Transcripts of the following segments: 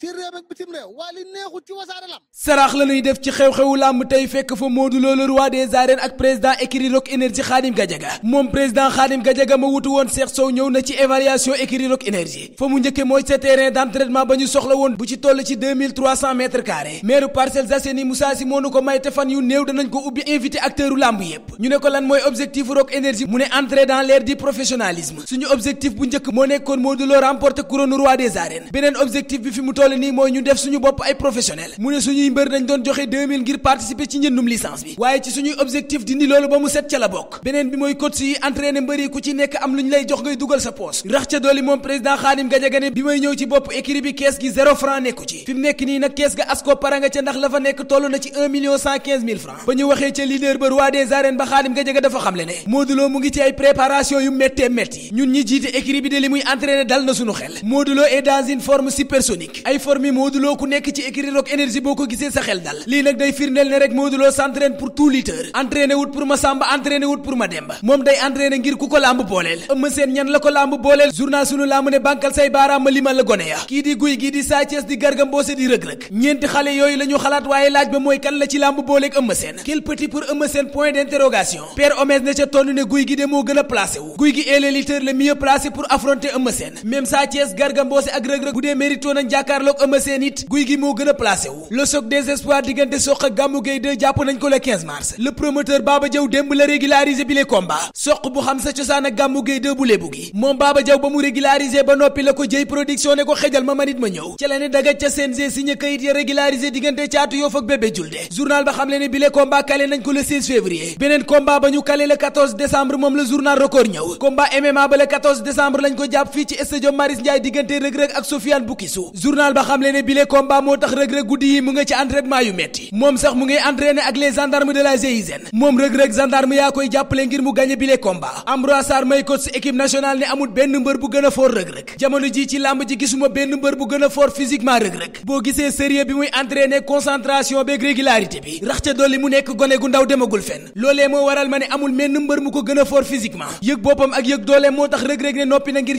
ci réew ak bitim réew waa li neexul ci wasaare lam sarax la def ci xew-xewu làmb tey fekk fa Modou Lo le roi des arènes ak président écurie Énergie Khadim Gadiaga moom président Khadim Gadiaga ma wutu woon Cheikh Sow ñëw na ci évaluation écurie Rock Énergie fa mu njëkke mooy sa terrain d'entraînement ba ñu soxla woon bu ci toll ci 2300 mètres carrés maire Parcelles Assainies Moussa ko may te fan yu néew danañ ko ubbi invité acteuru làmb yépp ñu ne ko lan mooy objectif Rock Énergie mu ne entrer dans l'ère du professionnalisme suñu objectif bu moo nekkoon Modou Lo toll nii mooy ñu def suñu bopp ay professionnel mu ne suñuy mbër dañ doon joxe 2000 ngir participer ci njëndum licence bi waaye ci suñuy objectif dindi loolu ba mu set ca la bokk beneen bi mooy ñëw ci bopp écurie bi gi zéro franc nekku ci fi nekk nii nag kees ga asko ca ndax la nekk toll na ci 1 million 115 mille francs ba ñu waxee ca leader ba roi des arènes ba Khadim Gadiaga dafa xamle ne Modou mu ngi ci ay préparation yu méttee métti ay forme ku nekk ci écurie Rock boo ko gisee sa xel dal lii nag day firndeel ne rek Modou Lo pour tout lutteur entraîné pour ma Samba entraîné pour ma Demba moom day entraîné ngir ku ko làmb booleel Eumeu Sène ñan la ko làmb booleel journal sunu làmb ne bànkal say baaraam ma limal la gone ya kii di guy gii di Sa di Garga di rëg-rëg ñeenti xale yooyu la xalaat waaye laaj ba mooy kan la ci làmb booleeg Eumeu Sène quel a jàkkaarloog Eumeu Sène it guy gi moo gën a placé wu le choc des espoirs diggante soq ak Gamou Gueye 2 jàpp nañ ko le 15 mars le promoteur Baba Diaw démb la régularisé bi les combats bu xam sa cosaan ak Gamou Gueye bu lébu gi moom Baba Diaw ba mu régularisé ba noppi la ko jëy production ne ko xejal ma manit ma ñëw ca la ne daga ca CNG signé kayit ya régularisé diggante caatu yoo fak bébé julde journal ba xam le ne bi les combats calé ko le février ci stade Marius Ndiaye ba xamle ne bile combat moo tax Reug Reug guddi yi mu nga ci entraînement yu metti moom sax mu ngay entraîné ak les gendarmes de la GIGN moom Reug Reug gendarme yaa koy jàppale ngir mu gagné bile combat Ambroise Sarr may coach équipe nationale ne amul benn mbër bu gën a fort Reug Reug jamono ji ci làmb ji gisuma benn mbër bu gën a fort physiquement Reug boo gisee sérieux bi muy entraîné concentration beeg régularité bi rax ca dolli mu nekk gone gu ndaw demagul fenn loolee moo waral ma ne amul a fort physiquement yëg ne noppi na ngir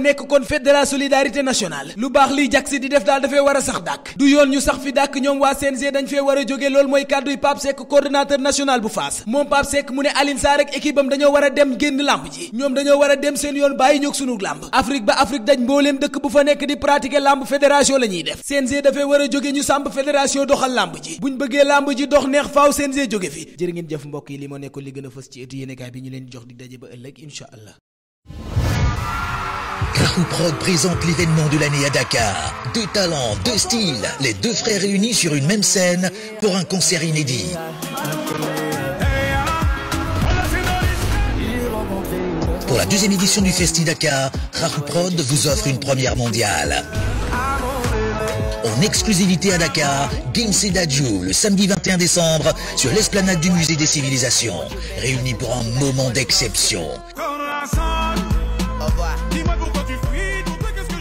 nekk kon fête de la solidarité nationale lu baax liy jag di def daal dafay war a sax dàkk du yoon ñu sax fi dàkk ñoom waa CNG dañ fee war a jóge lool mooy kàdduy Pape Seck coordonnateur national bu Fass moom Pape Seck mu ne Alioune Sarr ak équipe am dañoo war a dem génn làmb ji ñoom dañoo war a dem seen yoon bàyyi ñoog sunu làmb Afrique ba Afrique daj mbooleem dëkk bu fa nekk di pratiquer làmb fédération la ñuy def CNG dafay war a jóge ñu sàmb fédération doxal làmb ji buñ bëggee làmb ji dox neex faaw fi jërë ngeen jëf mbokk yi li moo nekkoon li a fës ci bi ñu leen jox di daje ba ëllëg incha Prod présente l'événement de l'année à Dakar. Deux talents, deux styles, les deux frères réunis sur une même scène pour un concert inédit. Pour la deuxième édition du Festi Dakar, Rahu vous offre une première mondiale. En exclusivité à Dakar, Gims et Dadju, le samedi décembre, sur l'esplanade du Musée des Civilisations, réunis pour un moment d'exception.